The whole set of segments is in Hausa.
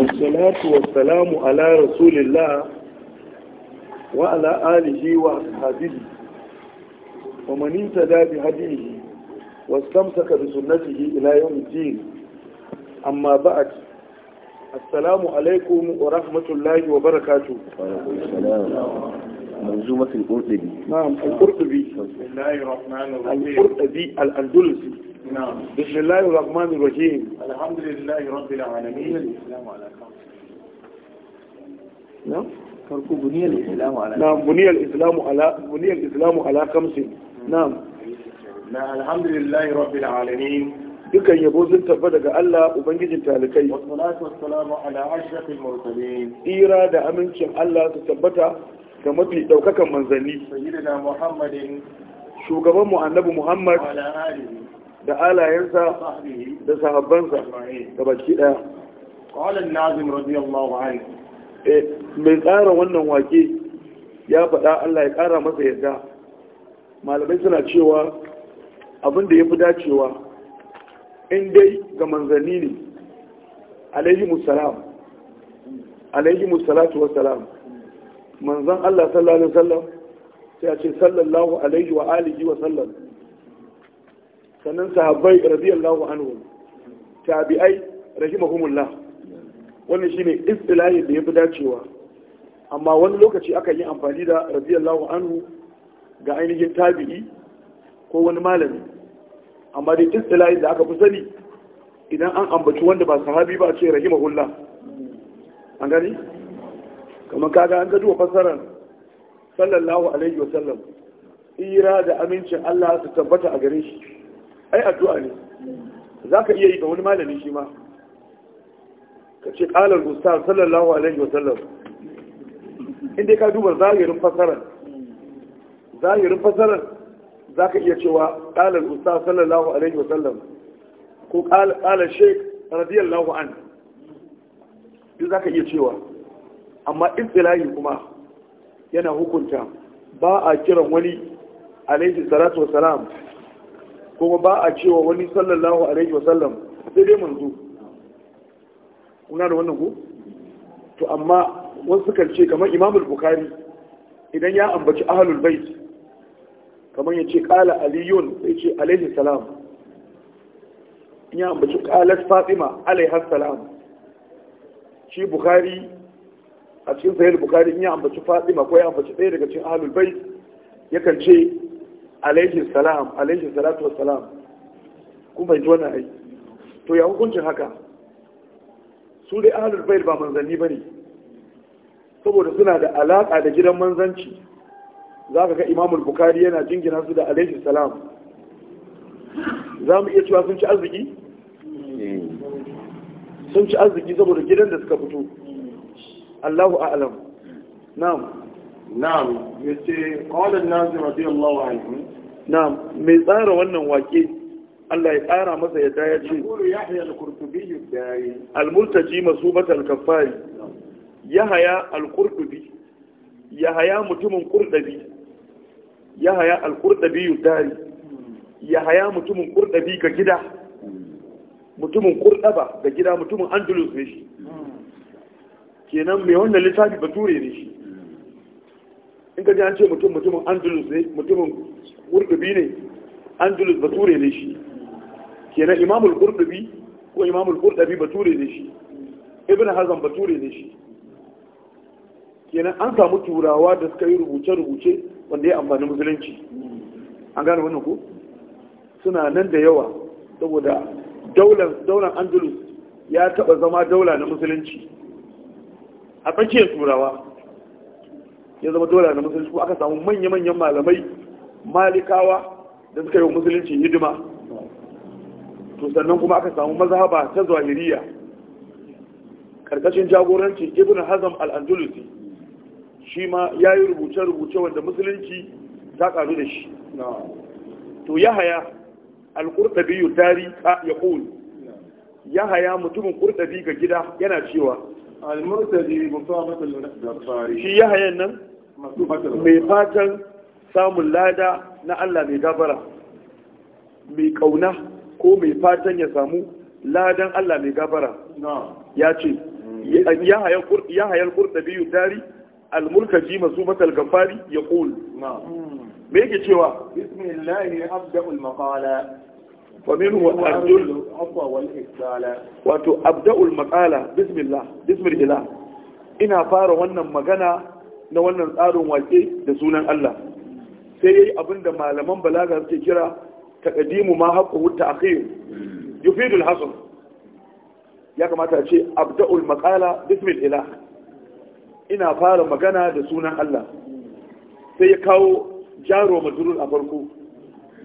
wasalatu wasalamu ala rasulillah wa ala alihi wa ashabihi wa man intada bi hadihi wastamsaka bi sunnatihi ila yawm al-din amma ba'd assalamu alaikum wa rahmatullahi wa barakatuh منظومة القرطبي نعم القرطبي بسم الله الرحمن الرحيم القرطبي الأندلسي نعم بسم الله الرحمن الرحيم الحمد لله رب العالمين نعم تركوا بني الإسلام على نعم بني الإسلام على بني الإسلام على خمس نعم نعم الحمد لله رب العالمين dukan yabo sun tabba daga Allah Ubangijin talikai. Wasu ala ashrafil mursalin. Ira da amincin Allah su tabbata ga mafi ɗaukakan manzanni shugaban mu annabi muhammad da alayensa da sahabbansa da baki ɗaya ƙwallon nazim radiyallahu anhu eh, mai tsara wannan wake ya faɗa allah ya ƙara masa yadda malamai suna cewa abin da ya fi dacewa in dai ga manzanni ne alaihi musalam alaihi musalatu wasalam manzon Allah sallallahu alaihi wasallam sai a ce sallallahu alaihi wa alihi wa sallam sannan sahabbai radiyallahu anhu tabi'ai rahimahumullah wannan shine istilahi da yafi dacewa amma wani lokaci aka yi amfani da radiyallahu anhu ga ainihin tabi'i ko wani malami amma dai istilahi da aka fi sani idan an ambaci wanda ba sahabi ba ce rahimahullah an gani kamar kaga an gado fasarar sallallahu alaihi wa sallam tsira da amincin Allah su tabbata a gare shi ai addu'a ne za ka iya yi ga wani malami shi ma ka ce ƙalar gusta sallallahu alaihi wa sallam inda ka duba zahirin fasarar zahirin fasarar za ka iya cewa ƙalar gusta sallallahu alaihi wa sallam ko ƙalar sheik radiyallahu an duk za ka iya cewa amma istilahi kuma yana hukunta ba a kiran wani alaihi salatu wasalam kuma ba a cewa wani sallallahu alaihi wasallam sai dai manzo kuna da wannan ku to amma wasu kan ce kamar imamul bukari idan ya ambaci ahlul bait kamar ya ce kala aliyun sai ce alaihi salam ya ambaci kalat fatima alaihi salam shi bukari a cikin sahih bukhari in ya ambaci fatima ko ya ambaci ɗaya daga cikin ahlul bait yakan ce alaihi salam alaihi salatu wassalam kun fahimci wannan ai to ya hukuncin haka su dai ahlul bait ba manzanni bane saboda suna da alaka da gidan manzanci za ka ga imamul bukari yana jingina su da alaihi salam za mu iya cewa sun ci arziki hmm. sun ci arziki saboda gidan da suka fito Allahu a'lam na'am na'am yace qala an-nazir radiyallahu anhu na'am mai tsara wannan waƙe. Allah ya tsara masa yadda ya ce Yahya al-Qurtubi al-Multaji masubat al-Kaffari Yahya al-Qurtubi Yahya mutumin Qurtubi Yahya al-Qurtubi yudari Yahya mutumin Qurtubi ga gida mutumin Qurtuba ga gida mutumin ne kenan mai wannan littafi bature ne shi in ka ji an ce mutum mutumin andalus ne mutumin gurdubi ne andalus bature ne shi kenan imamul gurdubi ko imamul gurdubi bature ne shi ibn hazan bature ne shi kenan an samu turawa da suka yi rubuce-rubuce wanda ya amfani musulunci an gane wannan ko suna nan da yawa saboda daular andalus ya taba zama daula na musulunci a tsakiyar turawa ya zama dole na musulunci ko aka samu manya-manyan malamai malikawa da suka yi wa musulunci hidima to sannan kuma aka samu mazhaba ta zahiriya karkashin jagoranci ibn hazam al-andalusi shi ma ya yi rubuce-rubuce wanda musulunci ta karu da shi to ya haya al-kurtabi yutari ya ƙul ya haya mutumin kurtabi ga gida yana cewa al-murtadi musabat al-ghafari shi yahayan nan mai fatan samun lada na Allah mai gabara mai kauna ko mai fatan ya samu ladan Allah mai gabara ya ce mm. ya hayar kurta biyu dari almulkaji masu matal gafari ya ƙul me yake cewa bismillahi abda'ul maqala فمنه أبدل واتو أبدأ المقالة بسم الله بسم الإله إنا فار وانا مغانا نوانا نتعار واجه دسونا الله سيئي أبند ما لمن بلاغ التجرى تقديم ما حقه التأخير يفيد الحصر يا كما تأتي أبدأ المقالة بسم الإله إنا فار مغانا دسونا الله سيئي كاو جارو مجرور أفركو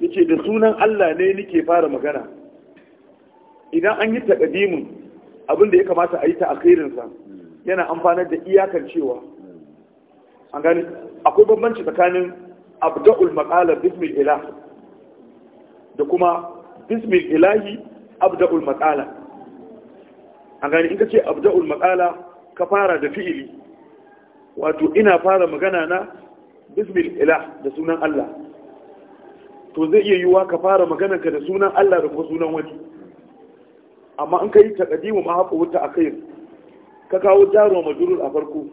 yake da sunan Allah ne nike fara magana idan an yi takadimin abin da ya kamata a yi ta akirinsa yana amfanar da iyakar cewa an gani akwai bambanci tsakanin abda'ul maqala bismil ilah da kuma bismil ilahi abda'ul maqala an gani in ka ce abda'ul maqala ka fara da fi'ili wato ina fara magana na bismil ilah da sunan Allah to zai iya yiwuwa ka fara maganar ka da sunan Allah da kuma sunan wani amma in ka yi takadimu ma haka wuta a kai ka kawo jaro majurur a farko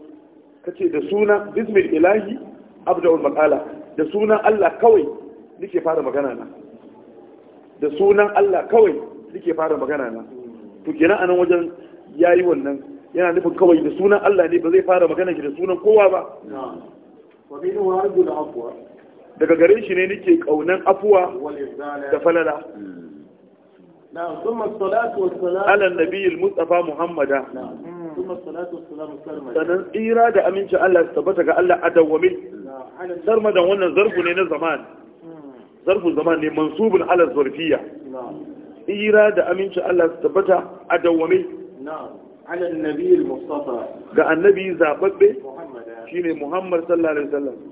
ka ce da sunan bismil ilahi abdul makala, da sunan Allah kawai nake fara magana na da sunan Allah kawai nake fara magana na to kenan anan wajen yayi wannan yana nufin kawai da sunan Allah ne ba zai fara magana ki da sunan kowa ba wa minhu rajul aqwa daga gare shi ne nake kaunan afuwa da falala ala nabiyil Mustapha muhammada sannan tsira da amincin Allah su tabbata ga Allah adawwami sarmadan wannan zarfu ne na zaman hmm. zarfu zaman ne mansubin ala zurfiya. tsira da amincin Allah su tabbata adawwami ga annabi zababbe ne muhammad sallallahu alaihi wasallam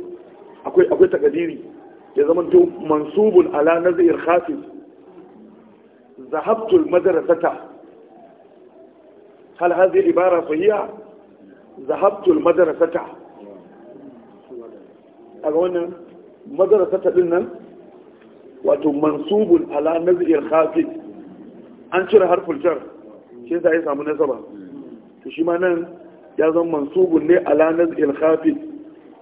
akwai akwai takadiri ya zama to mansubun ala nazir khafi zahabtu almadrasata hal hadhihi ibara sahiha zahabtu almadrasata aga wannan madrasata din nan wato mansubun ala nazir khafi an cire harful jar shi yasa ya samu nasaba to shi ma nan ya zama mansubun ne ala nazir khafi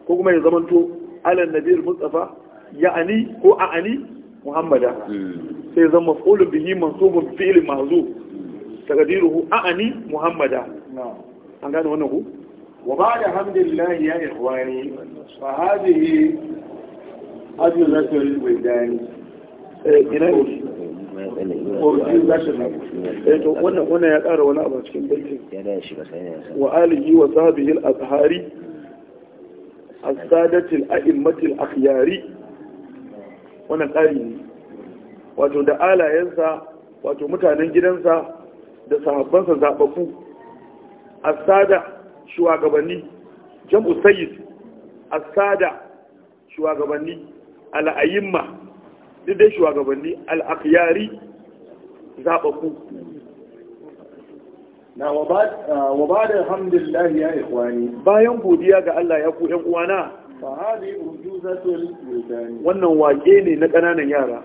ko kuma ya zama to ala nabi mustafa ya'ani ko a'ani muhammada sai zan maf'ulun bihi mansubun fi'il mahzuf taqdiruhu a'ani muhammada an gane wannan ku wa ba'da hamdillahi ya ikhwani fa hadhihi ajlatul wildani ina wannan ya ƙara wani abu cikin baitin wa alihi wa sahbihi al-azhari asadatil a'immatil akhyari wannan tsari ne wato da alayensa wato mutanen gidansa da sahabbansa zababbu asada shugabanni jam'u sayyid asada shugabanni al'ayyimma duk dai shugabanni al'akhyari zababbu na wa ba da alhamdulillah ya ikhwani bayan godiya ga Allah ya ku ɗan uwana fa hadi ujuzatul wildani wannan wake ne na ƙananan yara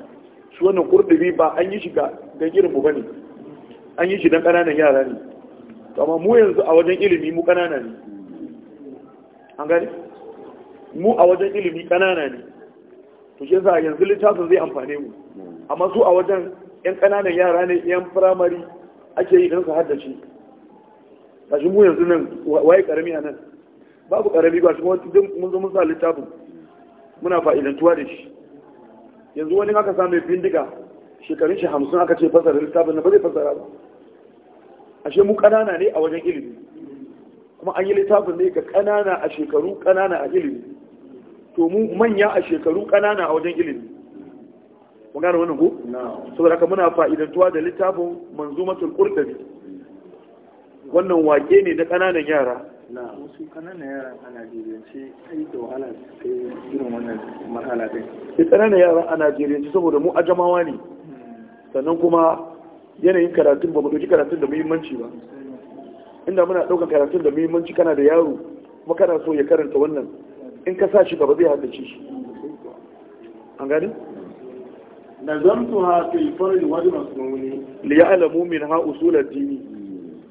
su wannan kurdubi ba an yi shi ga irin mu bane an yi shi dan ƙananan yara ne amma mu yanzu a wajen ilimi mu ƙanana ne an gani mu a wajen ilimi ƙanana ne to shi yasa yanzu littafin zai amfane mu amma su a wajen ƴan ƙananan yara ne ƴan firamare ake yi don su haddace kashi mu yanzu nan waye karami a nan babu karami ba shi duk mun zo mun sa littafin muna fa'ilantuwa da shi yanzu wani aka samu bindiga shekarun shi hamsin aka ce fasara littafin na ba zai fasara ba ashe mu ƙanana ne a wajen ilimi kuma an yi littafin ne ga ƙanana a shekaru ƙanana a ilimi to mu manya a shekaru ƙanana a wajen ilimi kun gane wannan ko saboda haka muna fa'idantuwa da littafin manzumatul qurtubi wannan wake ne na ƙananan yara na wasu ƙananan yara a najeriyance ai da wahala su kai irin wannan marhala ɗin sai ƙananan yara a Najeriya ce saboda mu jamawa ne sannan kuma yanayin karatun ba mu ɗauki karatun da muhimmanci ba inda muna ɗaukar karatun da muhimmanci kana da yaro kuma kana so ya karanta wannan in ka sa shi gaba zai haddace shi an gani nazamtuha fi farri wajhi masnuni li ya'lamu minha usul ad-dini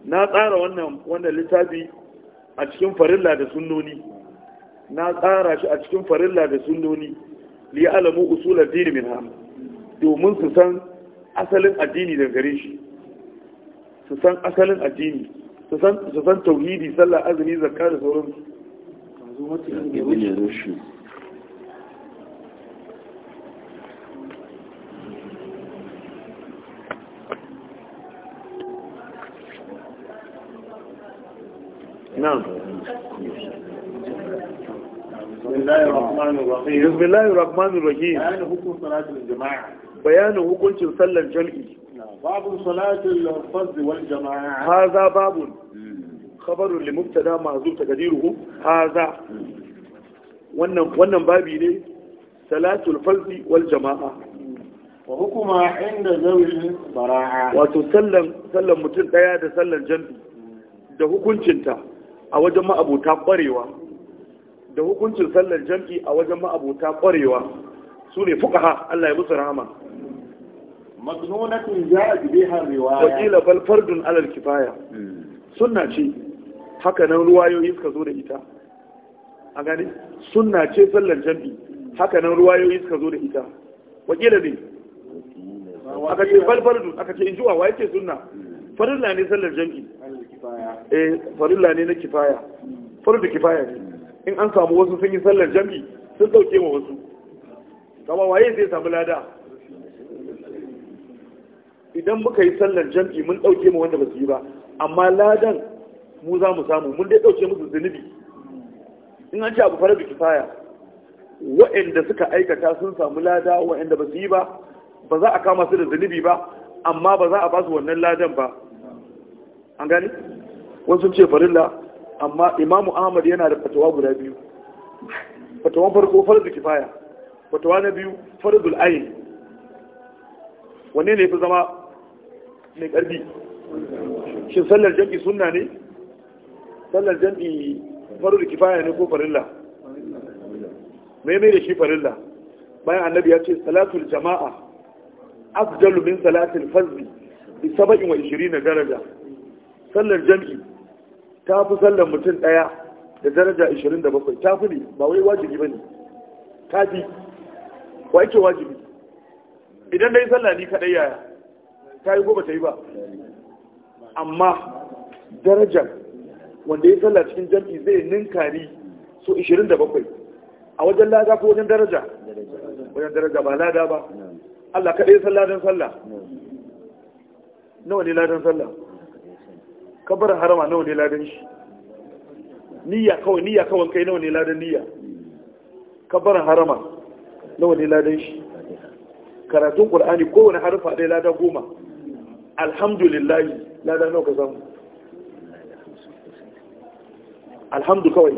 na tsara wannan wannan littafi a cikin farilla da sunnoni na tsara shi a cikin farilla da sunnoni li alamu usul ad-din ham domin su san asalin addini daga gare shi su san asalin addini su san su san tauhidi sallah azumi zakka da sauransu بسم الله الرحمن الرحيم بيان حكم صلاة الجماعة بيان باب صلاة الفرض والجماعة هذا باب خبر لمبتدا معذور تقديره هذا wannan wannan babi ne salatul farzi wal jama'a wa hukuma inda zawil bara'a wato sallan sallan mutum daya da sallan jami'i da hukuncinta a wajen ma'abota ƙwarewa da hukuncin sallar jam'i a wajen ma'abota ƙwarewa su ne ha, Allah ya musu rahama magnunatun ja'a biha riwaya wa qila bal fardun ala kifaya hmm. sunna ce haka nan ruwayoyi suka zo da ita a gani sunna ce sallar jam'i haka nan ruwayoyi suka zo da ita wakila ne aka ce bal fardun aka ce injuwa wa yake sunna hmm. farilla ne sallar jam'i eh farilla ne na kifaya farilla kifaya ne in an samu wasu sun yi sallar jami sun dauke ma wasu kama waye zai samu lada idan muka yi sallar jami mun dauke ma wanda ba su yi ba amma ladan mu za mu samu mun dai dauke musu zunubi in an ce abu farilla kifaya wa'anda suka aikata sun samu lada wa'anda ba su yi ba ba za a kama su da zunubi ba amma ba za a ba su wannan ladan ba an gane wasu ce farilla amma imamu ahmad yana da fatawa guda biyu fatawan farko farzul kifaya fatawa na biyu farzul ayin wanne ne fi zama mai karbi shi sallar jam'i sunna ne sallar jam'i farzul kifaya ne ko farilla mai mai da shi farilla bayan annabi ya ce salatul jama'a afdalu min salatul fazli bi 27 daraja sallar jam'i ta fi sallar mutum ɗaya da daraja 27 ta fi ne ba wai wajibi ba ne ta fi wa yake wajibi idan na yi sallah ni kaɗai yaya ta yi goma ta yi ba amma daraja wanda ya salla cikin jam'i zai ninkari so 27 a wajen lada ko wajen daraja wajen daraja ba lada ba Allah kaɗai salla don sallah nawa ne ladan sallah kabar harama nawa ne ladan shi niyya kawai niyya kawai kai nawa ne ladan niyya kabar harama nawa ne ladan shi karatun qur'ani kowane harfa ɗaya lada goma alhamdulillah lada nawa ka samu alhamdu kawai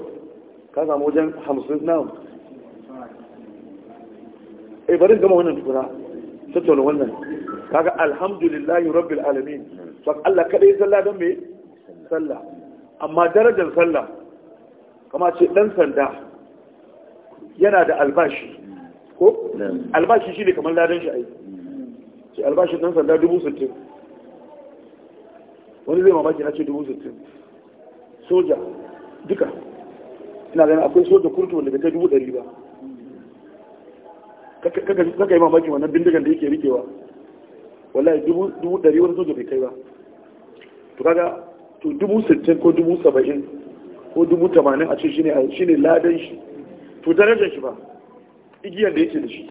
ka samu wajen hamsin na eh bari gama wannan tukuna tattauna wannan kaga alhamdulillahi rabbil alamin to Allah kada ya zalla don me sallah amma darajar sallah kama ce dan sanda yana da albashi ko albashi shi ne kamar ladan shi aiki ce albashi dan sanda dubu sittin wani zai mamaki na ce dubu sittin soja duka ina ganin akwai soja kurtu wanda ta dubu ɗari ba kaka yi mamaki wannan bindigan da yake rikewa wallahi dubu ɗari wani soja bai kai ba to kaga to dubu sittin ko dubu saba'in ko dubu tamanin a ce shi ne ladan shi to darajar shi ba igiyar da yake da shi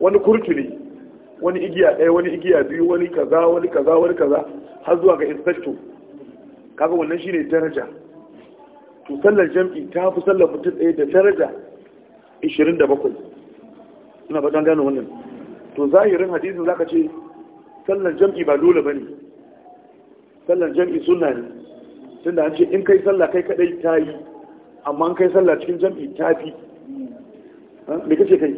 wani kurtu ne wani igiya ɗaya wani igiya biyu wani kaza wani kaza wani kaza har zuwa ga inspector kaga wannan shi ne daraja to sallar jam'i ta fi sallar mutum ɗaya da daraja 27 ina ba gano wannan to zahirin hadisin zaka ce sallar jam'i ba dole bane sallar jam'i sunna ne tunda an ce in kai sallah kai kadai ta yi amma in kai sallah cikin jam'i ta fi me kace kai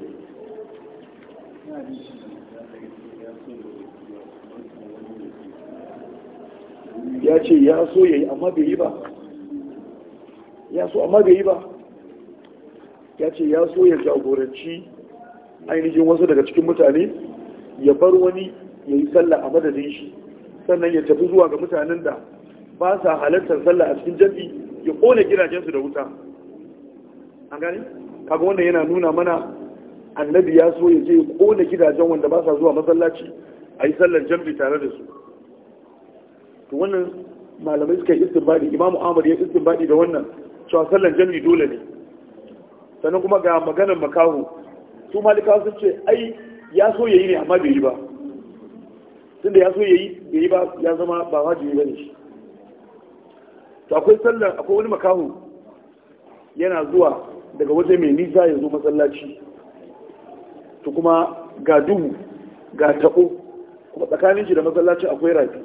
ya ce ya so ya yi amma bai yi ba ya so amma bai yi ba ya ce ya so ya jagoranci ainihin wasu daga cikin mutane ya bar wani ya yi sallah a madadin shi sannan ya tafi zuwa ga mutanen da ba sa halartar sallah a cikin jam'i ya kone gidajensu da wuta an gani kaga wannan yana nuna mana annabi ya so ya je ya kone gidajen wanda ba sa zuwa masallaci a yi sallar jam'i tare da su to wannan malamai suka yi istinbadi imamu amur ya istinbadi da wannan cewa sallar jam'i dole ne sannan kuma ga maganar makaho su malika sun ce ai ya so ya yi ne amma bai yi ba tun ya so ya yi ba ya zama ba wajibi bane shi to akwai sallar akwai wani makaho yana zuwa daga waje mai nisa ya zo masallaci to kuma ga duhu ga tabo kuma tsakanin shi da masallaci akwai rafi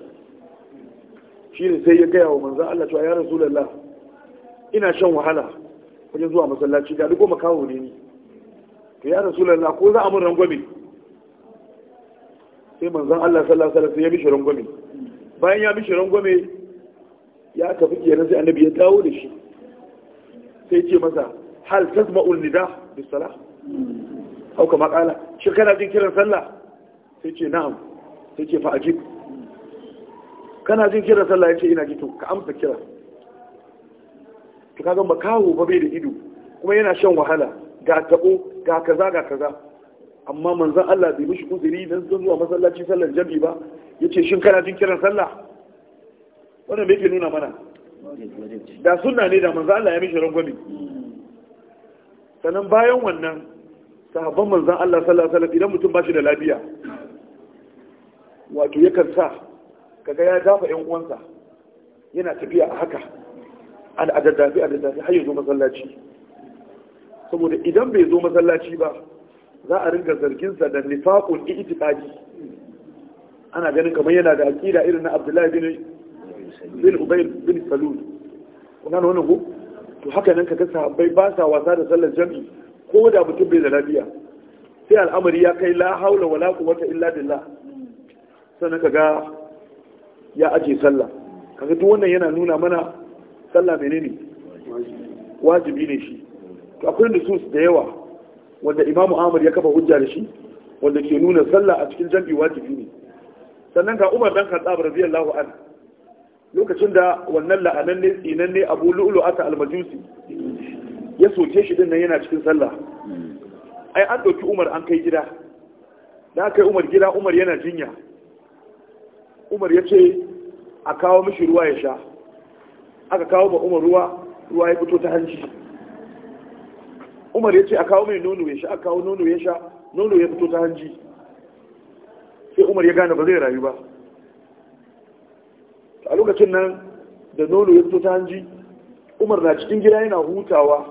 shi ne sai ya gaya wa manzan Allah cewa ya rasulallah ina shan wahala wajen zuwa masallaci ga duk makaho ne ni to ya lallah ko za a mun rangwame sai manzan Allah sallallahu alaihi wasallam ya mishi rangwame bayan ya mishi rangwame ya tafi kenan sai annabi ya dawo da shi sai ce masa hal tasma'ul nida bis salah au kama kala shi kana jin kiran sallah sai ce na'am sai ce fa ajib kana jin kiran sallah yace ina ji to ka amsa kira to kaga makaho ba bai da ido kuma yana shan wahala ga tabo ga kaza ga kaza amma manzan Allah bai mishi uzuri don sun zuwa masallaci sallar jami'i ba ya ce shin kana jin kiran sallah wannan mai ke nuna mana da suna ne da manzan Allah ya mishi rangwami sannan bayan wannan sahabban manzan Allah sallar sallar, idan mutum ba shi da lafiya wato yakan sa kaga ya dafa yan uwansa yana tafiya a haka an adaddafi adaddafi har ya zo masallaci saboda idan bai zo masallaci ba za a ringa zarginsa da nifaqul i'tiqadi ana ganin kamar yana da aqida irin na Abdullahi bin bin Ubay bin Salul kuna wannan ko to haka nan kaga sahabbai ba sa wasa da sallar jami'i ko da mutum bai da lafiya sai al'amari ya kai la haula wala quwwata illa billah sannan kaga ya aje sallah kaga duk wannan yana nuna mana sallah menene wajibi ne shi to akwai nusus da yawa wanda imamu ahmad ya kafa hujja da shi wanda ke nuna sallah a cikin jam'i wajibi ne sannan ga umar dan khattab radiyallahu an lokacin da wannan la'anan ne tsinan ne abu lu'lu ata almajusi ya soke shi din nan yana cikin sallah ai an ɗauki umar an kai gida da kai umar gida umar yana jinya umar ya ce a kawo mishi ruwa ya sha aka kawo ba umar ruwa ruwa ya fito ta hanci umar ya ce a kawo mai nono ya sha a kawo nono ya sha nono ya fito ta hanji sai umar ya gane ba zai rayu ba a lokacin nan da nono ya fito ta hanji umar na cikin gida yana hutawa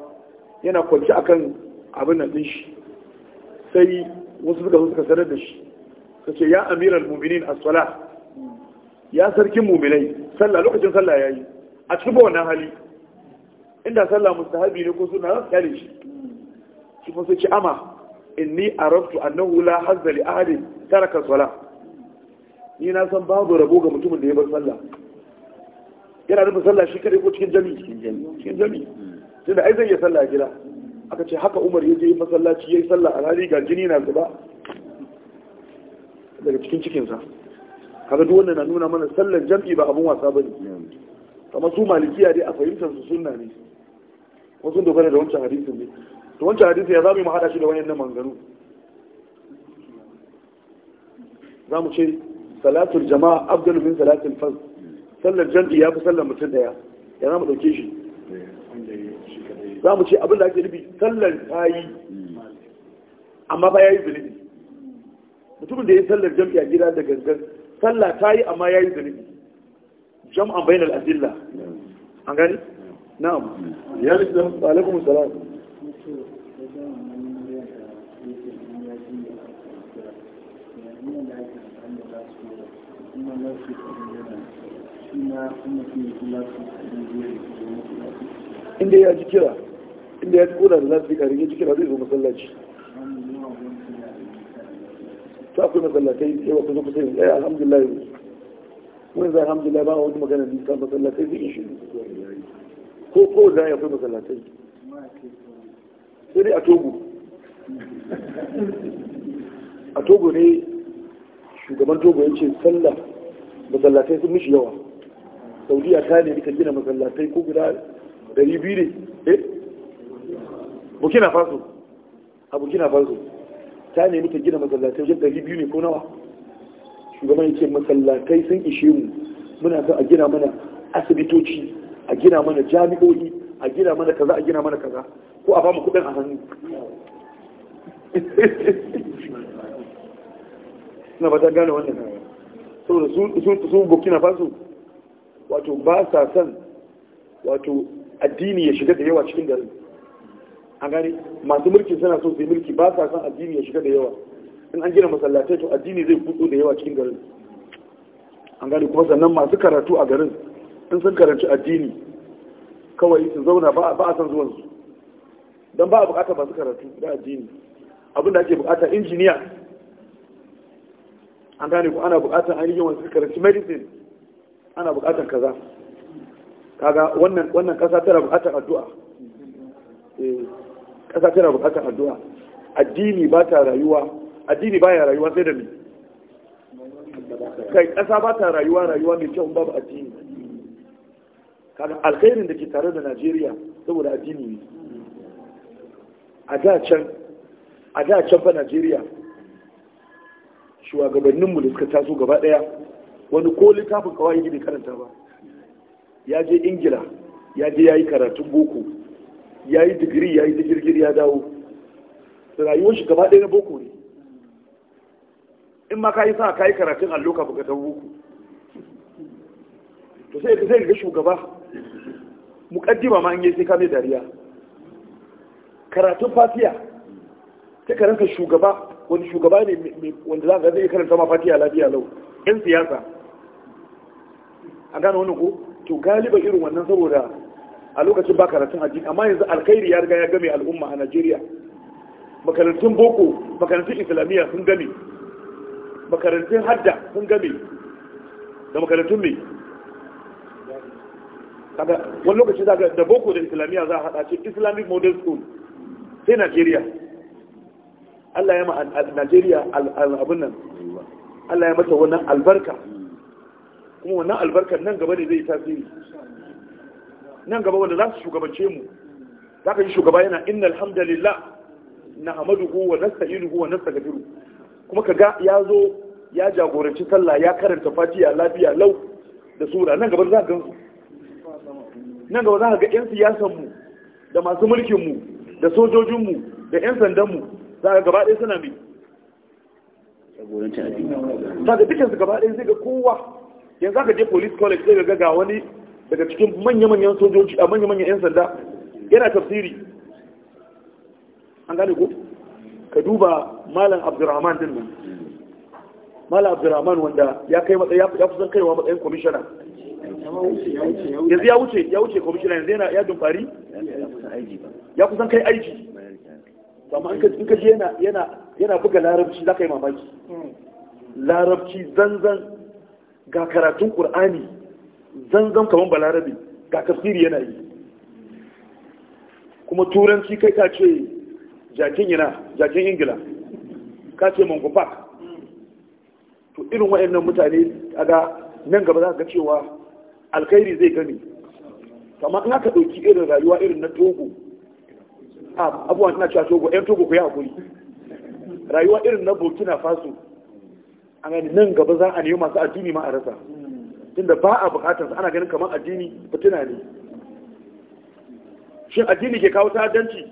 yana kwanci akan abin nan din shi sai wasu suka zo suka sanar da shi ka ce ya al muminin as-sala ya sarkin muminai sallah lokacin sallah yayi a cikin wannan hali inda sallah mustahabi ne ko suna za su kyale shi su kuma sun ce ama inni nan annahu la hazza li ahadin taraka salah ni na san babu rabo ga mutumin da ya bar sallah yana nufin sallah shi kare ko cikin jami'i cikin jami'i hmm. tunda ai zai iya sallah a gida aka ce haka umar ya je yi masallaci ya yi sallah a rari ga jini na zuba daga cikin cikinsa kaga duk wannan na nuna mana sallar jam'i ba abun wasa bane hmm. kamar su malikiya dai a fahimtar su sunna ne wasu dogara da wancan hadisin ne to wancan hadisi ya zamu mu hada shi da wayannan manzaru za mu ce salatul jama'a Abdul min salatul fard sallar jam'i ya fi sallar mutum daya ya za mu dauke shi za mu ce abin da ake nufi sallar ta yi amma ba ya yi zunubi mutumin da ya yi sallar jam'i a gida da gangan sallah ta yi amma ya yi zunubi jam'an bainal adilla an gani na'am ya alaikum salam inda ya ji kira inda ya ji koda da lafi ƙari ya ji kira zai zo masallaci ta akwai masallatai yawa kusa kusa yin ɗaya eh, alhamdulillah yau wani zai alhamdulillah ba a wani magana nisa masallatai zai shi ko ko da ya akwai masallatai sai dai a togo a togo ne shugaban togo ya ce sallah masallatai sun mishi yawa saudiya ta ne ta gina masallatai ko guda 200 biyu ne eh burkina faso a burkina faso ta ne ka gina masallatai wajen 200 biyu ne ko nawa shugaban yake masallatai sun ishe mu muna son a gina mana asibitoci a gina mana jami'o'i a gina mana kaza a gina mana kaza ko a bamu kudin a hannu na ba ta gane wannan saboda su burkina faso wato ba sa son wato addini ya shiga da yawa cikin garin a gani masu mulki suna so sai mulki ba sa son addini ya shiga da yawa in an gina masallatai to addini zai kutso da yawa cikin garin an gani kuma sannan masu karatu a garin in sun karanci addini kawai su zauna ba a san zuwansu don ba a bukata masu karatu da addini abinda ake bukata injiniya an gane ku ana buƙatar ainihin wanda suka karanci medicine ana buƙatar kaza kaga wannan wannan ƙasa tana buƙatar addu'a eh ƙasa tana buƙatar addu'a addini ba ta rayuwa addini baya rayuwa sai da ni. kai kasa ba ta rayuwa rayuwa mai kyau babu addini kaga alkhairin da ke tare da Najeriya saboda addini ne a da can a da can fa Najeriya shugabanninmu da suka taso gaba ɗaya wani ko littafin kawai bai karanta ba ya je ingila ya je ya yi karatun boko ya yi digiri ya yi digirgir ya dawo rayuwar shi gaba ɗaya na boko ne in ma ka yi sa ka yi karatun allo ka buga ta boko to sai ka sai ga shugaba mukaddima ma an yi sai ka mai dariya karatun fatiya ta karanta shugaba wani shugaba ne wanda za ka zai karanta ma fatiha lafiya lau yan siyasa a gane wani ko to galiba irin wannan saboda a lokacin ba karatun addini amma yanzu alkhairi ya riga ya game al'umma a Najeriya makarantun boko makarantun islamiyya sun game makarantun hadda sun game da makarantun mai wani lokaci da boko da islamiyya za a haɗa ce islamic model school sai Najeriya Allah ya ma Najeriya abin nan Allah ya mata wannan albarka kuma wannan albarkar nan gaba ne zai tasiri nan gaba wanda za su shugabance mu za ka yi shugaba yana inna alhamdulillah na hamaduhu wa ko wa nastaghfiru kuma ka ga ya zo ya jagoranci sallah ya karanta Fatiya, lafiya lau da sura nan gaba za ka gansu nan gaba za ka ga yan siyasan mu da masu mulkin mu da sojojin mu da yan sandan mu za gaba ɗaya suna bi? jagorancin addini ga dukansu gaba ɗaya zai ga kowa yanzu aka je police college zai ga ga wani daga cikin manya-manyan sojoji a manya-manyan 'yan sanda yana tafsiri an gane ko ka duba malam abdurrahman din nan malam abdurrahman wanda ya kai matsayi ya fi san kaiwa matsayin kwamishina yanzu ya wuce ya wuce kwamishina yanzu yana ya dumfari ya kusan kai aiki amma in ka je yana buga larabci za ka yi mamaki larabci zanzan ga karatun ƙur'ani zanzan kamar larabi ga tafsiri yana yi kuma turanci kai ka ce jakin yana jakin ingila ka ce mongo park to irin wa'annan mutane kaga nan gaba za ka cewa alkhairi zai gani kamar in aka ɗauki irin rayuwa irin na togo Ah, abubuwan suna cewa togo yan togo ku yi hakuri rayuwa irin na burkina faso a gani nan gaba za a nemi masu addini ma a rasa tunda ba a bukatar ana ganin kamar addini fitina ne shin addini ke kawo ta'addanci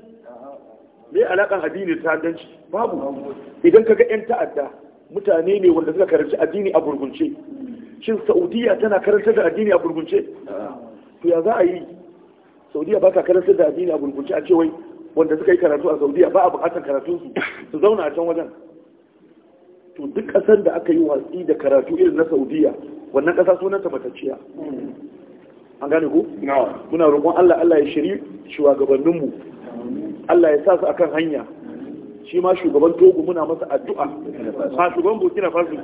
me alakan addini da ta'addanci babu idan kaga yan ta'adda mutane ne wanda suka karanci addini a burgunce shin saudiya tana karantar da addini a burgunce to ya za a yi saudiya ba ka karantar da addini a burgunce a ce wai wanda suka yi karatu a saudiya ba a bukatar karatunsu su zauna a can wajen to duk kasar da aka yi watsi da karatu irin na saudiya wannan kasa ta matacciya an gane ku? muna roƙon allah allah ya shiri shugabanninmu allah ya sa su akan hanya shi ma shugaban togo muna masa addu'a ha shugaban burkina faso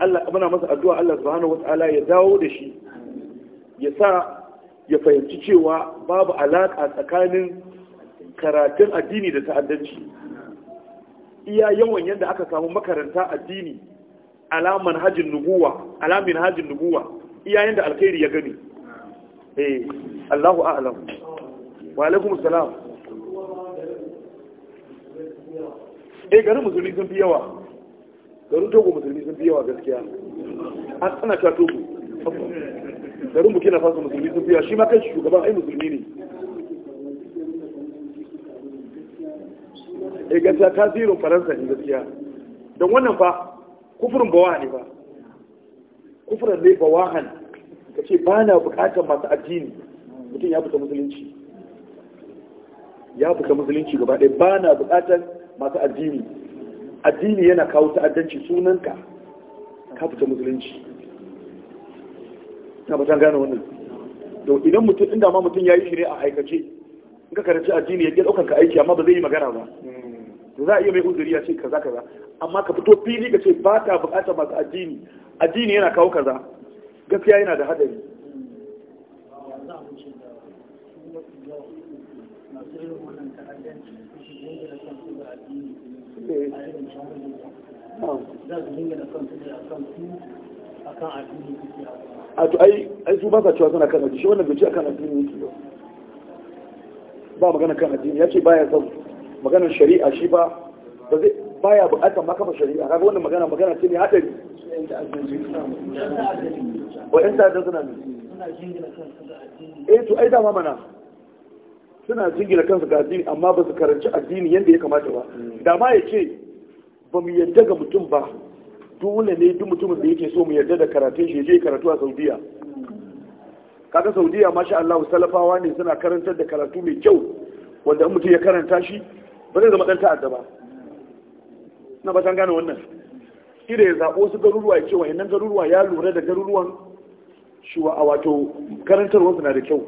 Allah muna masa addu'a Allah subhanahu wa ta'ala ya dawo da shi ya sa ya fahimci cewa babu alaƙa tsakanin karatun addini da ta'addanci iya yawan yadda aka samu makaranta addini alaman hajjin nubuwa alamin hajjin nubuwa iya yadda alkhairi ya gani eh Allahu a'lam wa alaikum salam eh garin musulmi sun fi yawa garin togo musulmi sun fi yawa gaskiya an tsana ta togo garin na fasa musulmi sun biya shi ma kan shugaban ai musulmi ne eh gaskiya tasirin faransa ne gaskiya don wannan fa kufurin bawa ne ba kufurin ne hannu ka ce ba na bukatar masu addini mutum ya fita musulunci ya fita musulunci gaba ɗaya ba na bukatar masu addini addini yana kawo ta'addanci sunanka ka fita musulunci ta gane wannan to idan mutum inda ma mutum yayi shi ne a aikace in ka karanci addini ya ke daukan ka aiki amma ba zai yi magana ba za a iya mai uzuri ya ce kaza kaza amma ka fito fili ka ce ba ta bukatar masu addini addini yana kawo kaza gaskiya yana da hadari eh. a to ai ai su ba sa cewa suna kan addini shi wannan bai ce akan addini yake ba ba magana kan addini yace baya son maganar shari'a shi ba ba zai baya buƙatar makafa shari'a kaga wannan magana magana ce ne hadari wa yan ta'adda suna ne eh to ai dama mana suna jingina kansu ga addini amma ba su karanci addini yadda ya kamata ba hmm. da ma ya ce ba mu yadda ga mutum ba dole ne duk mutumin da yake so mu yarda da karatun shi je karatu a saudiya kaga saudiya masha Allah salafawa ne suna karantar da karatu mai kyau wanda mutum ya karanta shi ba zai zama dan ta'adda ba na ba san gane wannan shi da ya zaɓo su garuruwa ya ce wa innan garuruwa ya lura da garuruwan shi wa wato karantarwar na da kyau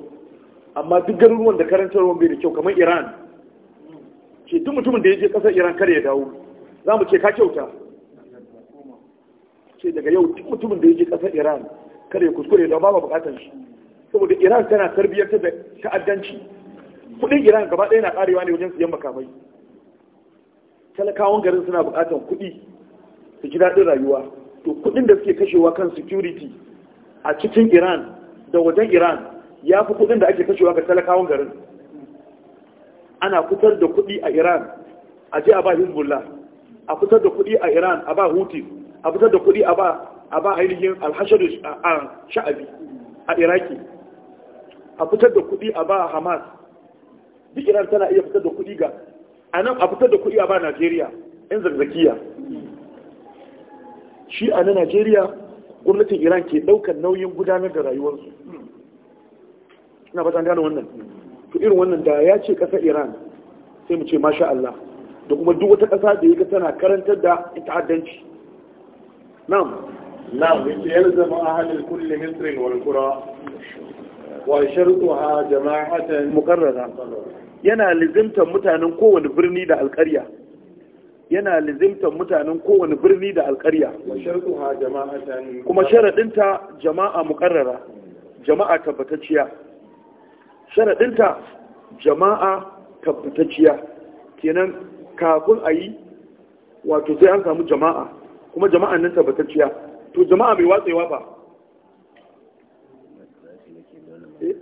amma duk garuruwan da karantarwar bai da kyau kamar iran ce duk mutumin da ya je iran kare ya dawo za mu ce ka kyauta ce daga yau duk mutumin da ya je iran kada ya kuskure da babu buƙatar shi saboda iran tana ta da ta'addanci kuɗin iran gaba ɗaya na ƙarewa ne wajen siyan makamai talakawan garin suna bukatar kuɗi su ji daɗin rayuwa to kuɗin da suke kashewa kan security a cikin iran da wajen iran ya fi kuɗin da ake kashewa ga talakawan garin ana fitar da kuɗi a iran a ji a ba hezbollah a fitar da kuɗi a iran a ba Hutin. a fitar da kuɗi a ba ainihin alhashadu a sha'abi a iraki a fitar da kuɗi a ba hamas duk iran tana iya fitar da kuɗi ga a nan a fitar da kuɗi a ba najeriya yan zarzakiya shi a na najeriya gwamnatin iran ke ɗaukar nauyin gudanar da rayuwarsu ina ba gano wannan to irin wannan da ya ce ƙasar iran sai mu ce masha Allah da kuma duk wata ƙasa da ya ga tana karantar da ita'addanci. نعم نعم يلزم أهل كل مصر والقرى وشرطها جماعة مقررة yana lizimtar mutanen kowane birni da alkarya yana lizimtar mutanen kowane birni da alƙarya. kuma sharaɗinta jama'a muƙarrara jama'a tabbatacciya sharaɗinta jama'a tabbatacciya kenan kafin a yi wato sai an samu jama'a kuma jama'an nan tabbatacciya to jama'a mai watsewa ba eh,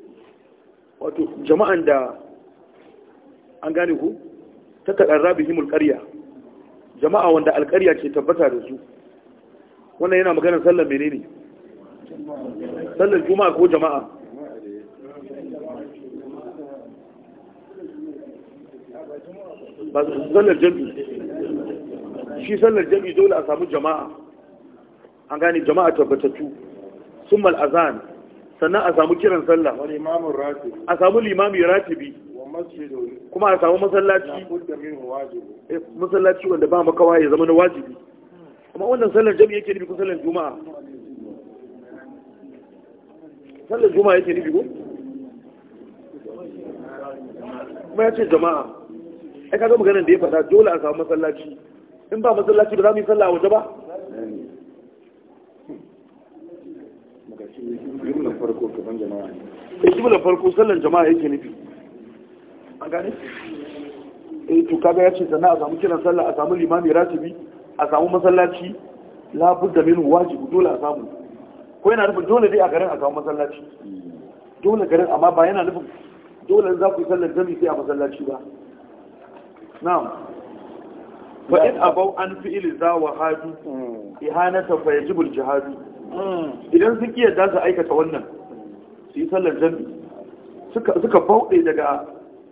wato jama'an da an gane ku ta taɗarra rabihim alƙariya jama'a wanda alƙariya ce tabbata da su wannan yana maganar sallar menene sallar juma'a ko jama'a ba su sallar jami'a shi sallar jami dole a samu jama'a an gane jama'a tabbatattu sun mal'azan sannan a samu kiran sallah a samu limami ratibi kuma a samu eh, masallaci wanda ba makawa ya zama na wajibi amma wannan sallar jami yake nufi ko sallar juma'a sallar juma'a yake nufi kuma ya ce jama'a ai kaga maganar da ya fata dole a samu masallaci in ba masallaci ba za mu yi sallah waje ba eh, jimlar farko ne farko sallan jama'a yake nufi an gane eh to kaga ya ce sannan a samu kiran sallah a samu limami ratibi a samu masallaci labu da minu wajibi dole a samu ko yana nufin dole dai a garin a samu masallaci dole garin amma ba yana nufin dole za ku yi sallar jami sai a masallaci ba na'am fa in abau an fi'il za wa hadu ihanata fa yajibu jihadu idan suke yadda su aikata wannan su yi sallar jam'i, suka suka bauɗe daga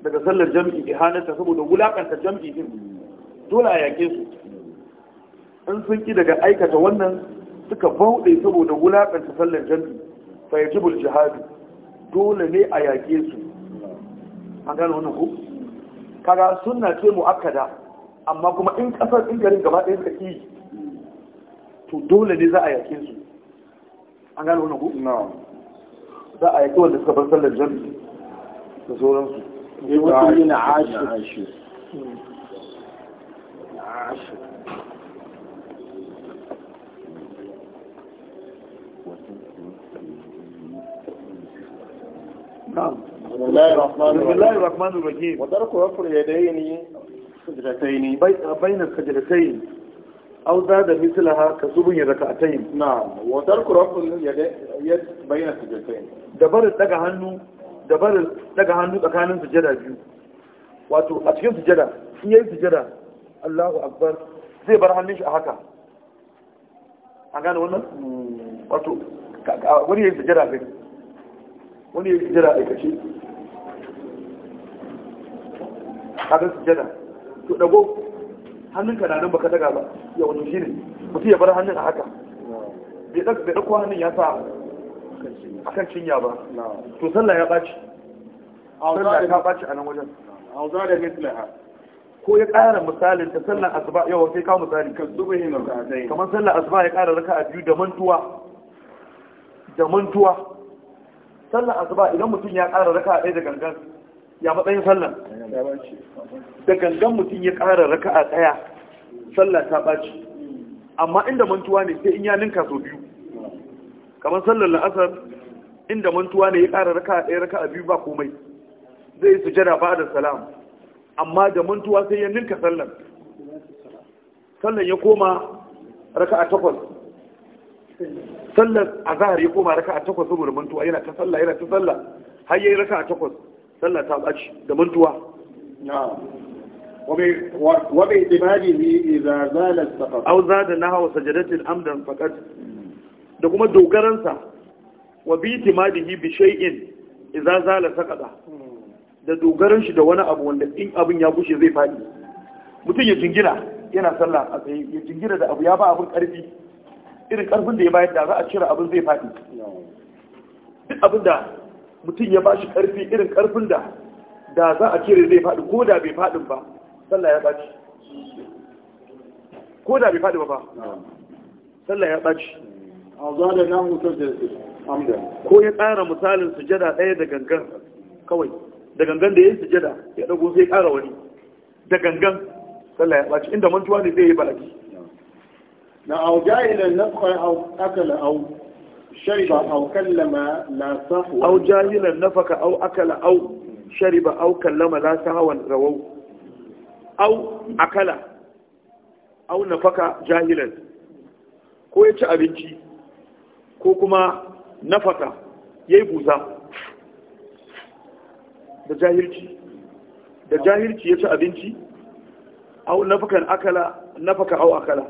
daga sallar jam'i ihanata saboda wulakanta jam'i din dole a yake su in sun ki daga aikata wannan suka bauɗe saboda wulakanta sallar jam'i, fa yajibu jihadu dole ne a yake su an gane wannan ku kaga sunna ce muakkada amma kuma in kasar in garin gaba ɗaya suka ki to dole ne za a yaƙe su an gano wani hudu na za a yaƙi wanda suka bar sallar jami da sauransu ne wata yi na ashir نعم بسم الله الرحمن الرحيم وترك رفع اليدين سجدتين بين السجدتين أو زاد مثلها كسبه ركعتين نعم وترك رفع اليد بين السجدتين دبر daga hannu dabar daga hannu tsakanin sujada biyu wato a cikin sujada in yayi sujada Allahu akbar zai bar hannun shi a haka a gane wannan wato wani yayi sujada kai wani sujada aikace sujada to dago hannunka na nan baka daga ba ya shi ne. mutum ya bar hannun a haka bai dauko hannun ya sa akan cinya ba to sallah ya ɓaci sallah ya da a nan wajen auza da mislaha ko ya ƙara misalin ta sallar asuba yau sai kawo misali kan yin rukatai kamar sallar asuba ya ƙara a biyu da mantuwa da mantuwa sallar asuba idan mutum ya ƙara a ɗaya da gangan ya matsayin sallan da gangan mutum ya ƙara raka'a ɗaya sallah ta ɓaci amma inda mantuwa ne sai in ya ninka sau biyu kamar sallar la'asar inda mantuwa ne ya ƙara raka'a ɗaya raka'a biyu ba komai zai su sujada ba da salam amma da mantuwa sai ya ninka sallan sallan ya koma raka'a takwas sallar azahar ya koma raka'a takwas saboda mantuwa yana ta sallah yana ta sallah har yayi raka'a takwas sallah ta ɓaci da mantuwa wabe ibadihi idza zala safar aw zada nahwa sajadatin amdan faqat da kuma dogaransa wa bi timadihi bi shay'in idza zala saqata da dogaran shi da wani abu wanda in abin ya bushe zai fadi mutum ya jingina yana sallah a tsaye ya jingina da abu ya ba abin karfi irin karfin da ya bayar da za a cire abin zai fadi duk abin da mutum ya bashi karfi irin karfin da da za a cire zai faɗi ko da bai faɗin ba sallah ya ɓaci ko da bai faɗi ba sallah ya ɓaci a zuwa da namun amda ko ya ƙara misalin sujada ɗaya da gangan kawai da gangan da ya yi sujada ya ɗago sai ƙara wani da gangan sallah ya ɓaci inda mantuwa ne zai yi balaki na auja ilan nafkar akala au شرب أو كلم لا سهوا أو جاهلا نفك أو أكل أو شرب أو كلم لا سهوا رووا أو أكل أو نفك جاهلا كوية أبنتي كوكما نفك يبوزا da jahilci da jahilci ya ci abinci au nafakan akala nafaka au akala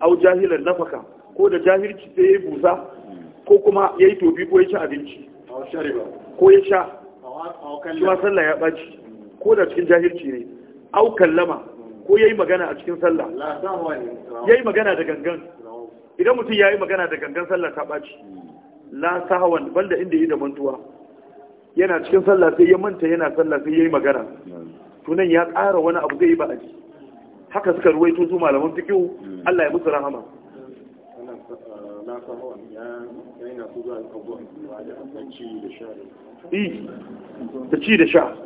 au jahilan nafaka ko da jahilci sai ya buza ko kuma ya yi tobi ko ya ci abinci ko ya sha shi ma sallah ya ɓaci ko da cikin jahilci ne au kallama ko ya yi magana a cikin sallah ya yi magana da gangan idan mutum ya yi magana da gangan sallah ta ɓaci hmm. la sahawan banda inda yi da mantuwa yana cikin sallah sai ya manta yana sallah sai ya yi magana hmm. tunan ya ƙara wani abu zai yi ba aji haka suka ruwaito su malaman fikihu hmm. Allah ya musu rahama eh, da ci da sha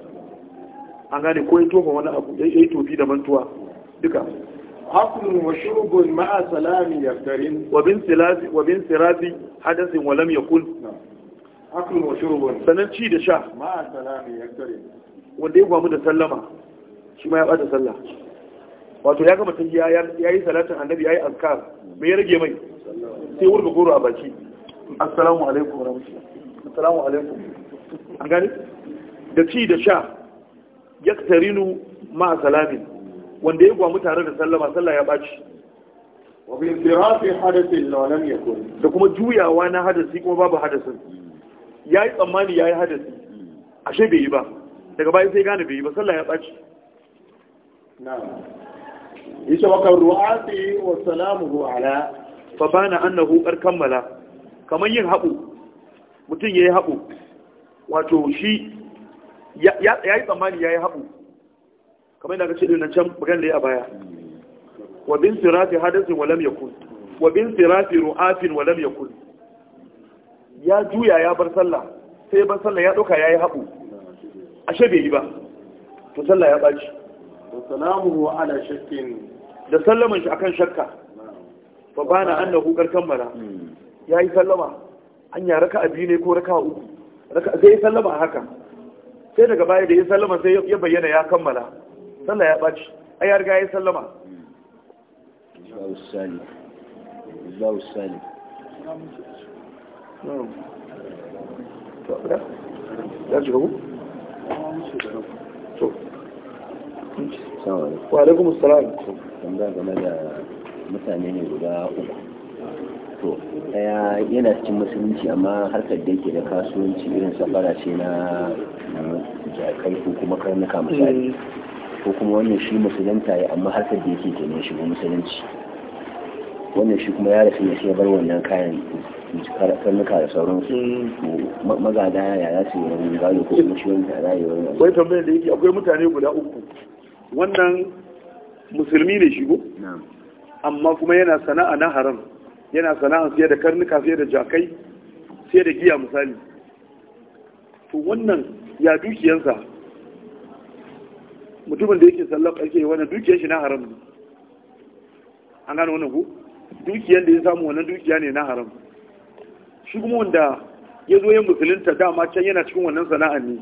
an gane ko ya tofa wani abu ya yi tofi da mantuwa duka hakulun wa shurubun ma'a salami yaftarin wa bin sirazi hadasin walam ya kun hakulun wa shurubun ci da sha ma'a salami karin wanda ya gwamu da sallama shi ma ya bata sallah wato ya gama tafiya ya yi salatin annabi ya yi azkar me ya rage mai sai wurga goro a baki assalamu alaikum wa rahmatullahi assalamu alaikum an gani da ci da sha tarinu ma salamin wanda ya gwamu tare da sallama sallah ya baci wa bi intirafi hadathin law lam yakun da kuma juyawa na hadasi kuma babu hadasin yayi tsammani yayi hadasi ashe bai yi ba daga bayan sai gane bai yi ba sallah ya baci na'am yace wa kan ru'ati wa salamuhu ala fa bana annahu qad kammala kamar yin haɓu, mutum ya yi haɓu. wato shi ya yi tsammani ya yi haɓu. kamar yana kashe na can bugan da ya baya wa bin sirafi hadasin walam yakun wa bin sirafi ru'afin walam yakun ya juya ya bar sallah sai bar sallah ya ɗauka ya yi haɓu a shabe yi ba to sallah ya ɓaci da sallaman shi akan shakka fa bana annahu karkan mara hmm. ya yi sallama an yi raka biyu ne ko raka uku zai yi sallama haka sai daga baya da ya sallama sai ya bayyana ya kammala sallah ya ɓaci a ya riga ya yi sallama wa tambaya game da mutane ne guda uku to daya yana cikin musulunci amma harkar da yake da kasuwanci irin safara ce na jakai ko kuma karnuka misali mm. ko kuma wannan shi musulunta ya amma harkar da yake kenan shi musulunci wannan shi kuma ya rasu ya sai bar wannan kayan karnuka da sauransu mm. magada ya za su yi wani gado ko kuma shi wani tsada ya wani akwai tambayar da yake akwai mutane guda uku wannan musulmi ne shigo amma kuma yana sana'a na haram yana sana'ar sai da karnuka sai da jakai sai da giya misali to wannan ya dukiyansa mutumin da yake sallar ƙarfe wannan dukiyar shi na haram ne an gano wannan ku dukiyar da ya samu wannan dukiya ne na haram shi kuma wanda ya zo ya musulunta dama can yana cikin wannan sana'ar ne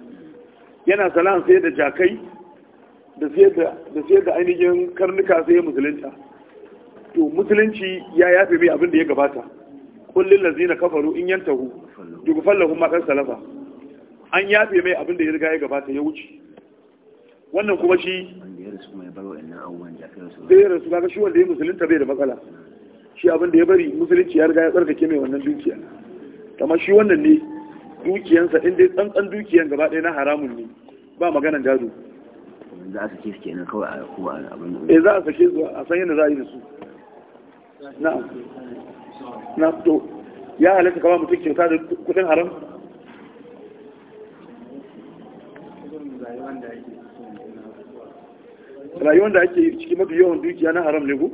yana sana'ar sai da jakai da sai da ainihin karnuka sai ya musulunta to musulunci ya yafe mai abin da ya gabata kullun zina kafaru in yantahu yughfal lahum ma kan salafa an yafe mai abin da ya riga ya gabata ya wuce wannan kuma shi zai rasu kaga shi wanda ya musulunta bai da matsala shi abin da ya bari musulunci ya riga ya tsarkake mai wannan dukiya kama shi wannan ne dukiyansa inda ya tsantsan dukiyan gaba ɗaya na haramun ne ba maganan gado za a sake su kenan kawai a kuma abin da eh, za a sake su a san yadda za a yi da su na to ya halatta kama mutum kyauta da kudin haram rayuwar da ake ciki mafi yawan dukiya na haram ne ku?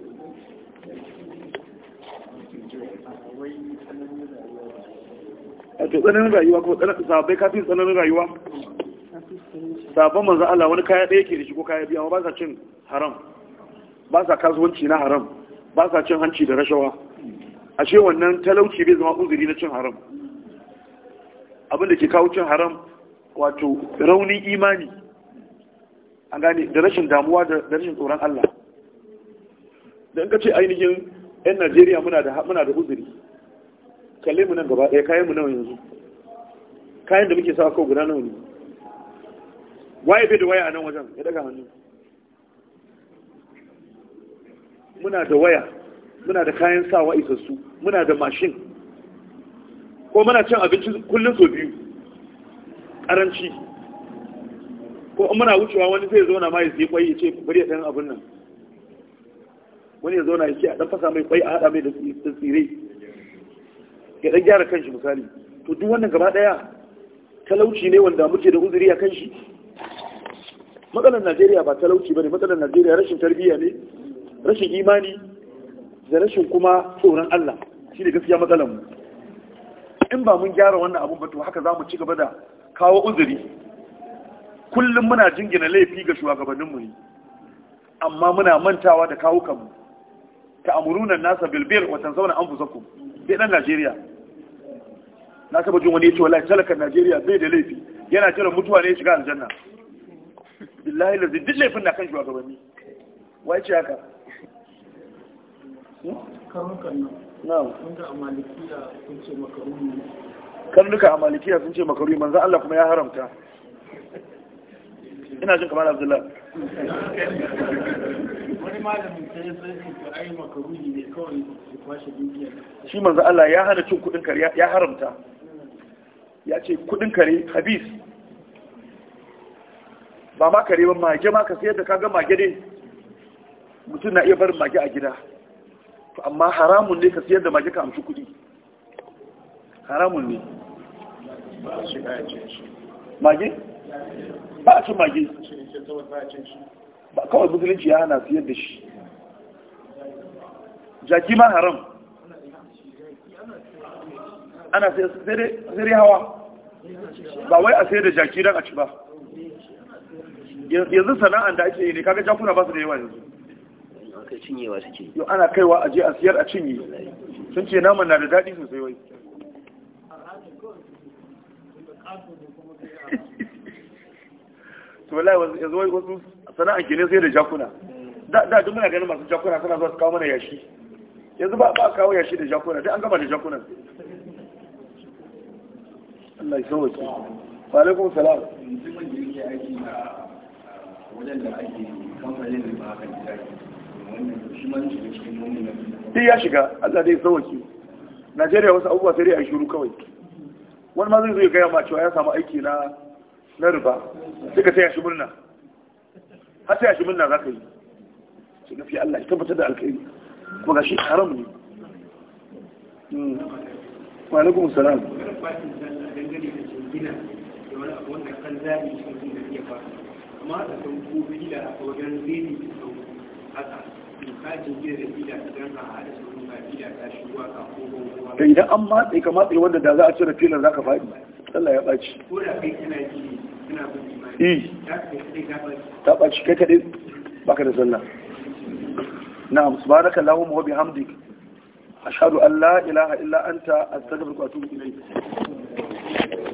a to tsananin rayuwa ko sabai kafin tsananin rayuwa sabon manzan Allah wani kaya ɗaya ke da shi ko kaya biya ba sa cin haram ba sa kasuwanci na haram ba sa cin hanci da rashawa ashe wannan talauci bai zama uzuri na cin haram abin da ke kawo cin haram wato raunin imani an gane da rashin damuwa da rashin tsoron Allah Da in ka ce ainihin 'yan Najeriya muna da uzuri kalle mu nan gaba ɗaya kayan mu nawa yanzu kayan da muke sa kawo guda nawa ne waye bai da waya a nan wajen ya daga hannu muna da waya muna da kayan sawa isassu muna da mashin ko muna cin abinci kullum so biyu karanci ko muna wucewa wani zai zauna ma ya sai kwai ya ce bari ya ɗan abin nan wani ya zauna ya ce a ɗan fasa mai kwai a haɗa mai da tsire ya ɗan gyara kanshi misali to duk wannan gaba ɗaya talauci ne wanda muke da uzuri a kanshi matsalar najeriya ba talauci ba ne matsalar najeriya rashin tarbiyya ne rashin imani da rashin kuma tsoron Allah shi ne gaskiya matsalar mu in ba mun gyara wannan abun ba to haka za mu ci gaba da kawo uzuri kullum muna jingina laifi ga shugabanninmu ne amma muna mantawa da kawo kanmu ta amurunan nasa bilbil watan zauna an fusa sai dan Najeriya na saba jin wani ya ce wallahi talakan Najeriya bai da laifi yana jira mutuwa ne ya shiga aljanna billahi lazi duk laifin na kan shugabanni wai ce haka karnuka a malikiya sun ce makaruni manzan Allah kuma ya haramta ina jin kamar abdullah wani malamin sai sai su ai makaruni ne kawai su kwashe dukiya shi manzan Allah ya hana cin kudin kare ya haramta ya ce kudin kare habis ba ma kare ba mage ma ka sayar da kaga mage dai mutum na iya barin mage a gida to amma haramun ne ka siyar da mage ka amshi kuɗi haramun ne mage ba a cin mage ba kawai musulunci ya hana siyar da shi jaki ma haram ana sai hawa ba wai a sayar da jaki don a ci ba yanzu sana'an da ake yi ne kaga jakuna ba su da yawa yanzu kai cinyewa suke ana kaiwa a je a siyar a cinye sun ce naman na da daɗi sosai wai to wallahi yanzu wai wasu sana'a ke ne sai da jakuna da duk muna ganin masu jakuna suna zuwa su kawo mana yashi yanzu ba a kawo yashi da jakuna duk an gama da jakunan Allah ya sauke. Wa alaikum salam. wajen da ake kamfanin da ba a kan jirage duk ya shiga Allah dai sauwaki Najeriya wasu abubuwa sai dai a shuru kawai wani ma zai zo ya gaya ma cewa ya samu aiki na na riba sai ka shi murna har ya shi murna za ka yi sai gafi Allah ya tabbatar da alkhairi kuma ga shi haram ne hmm. wa alaikum salam amma da sauko bila a wajen zai haka da idan an matse ka matse wanda da za a cire filar za ka faɗi Allah ya ɓaci eh. ta ɓaci kai kaɗai baka da sallah na'am subhanaka allahumma wa bihamdik ashhadu an la ilaha illa anta astaghfiruka wa atubu ilayk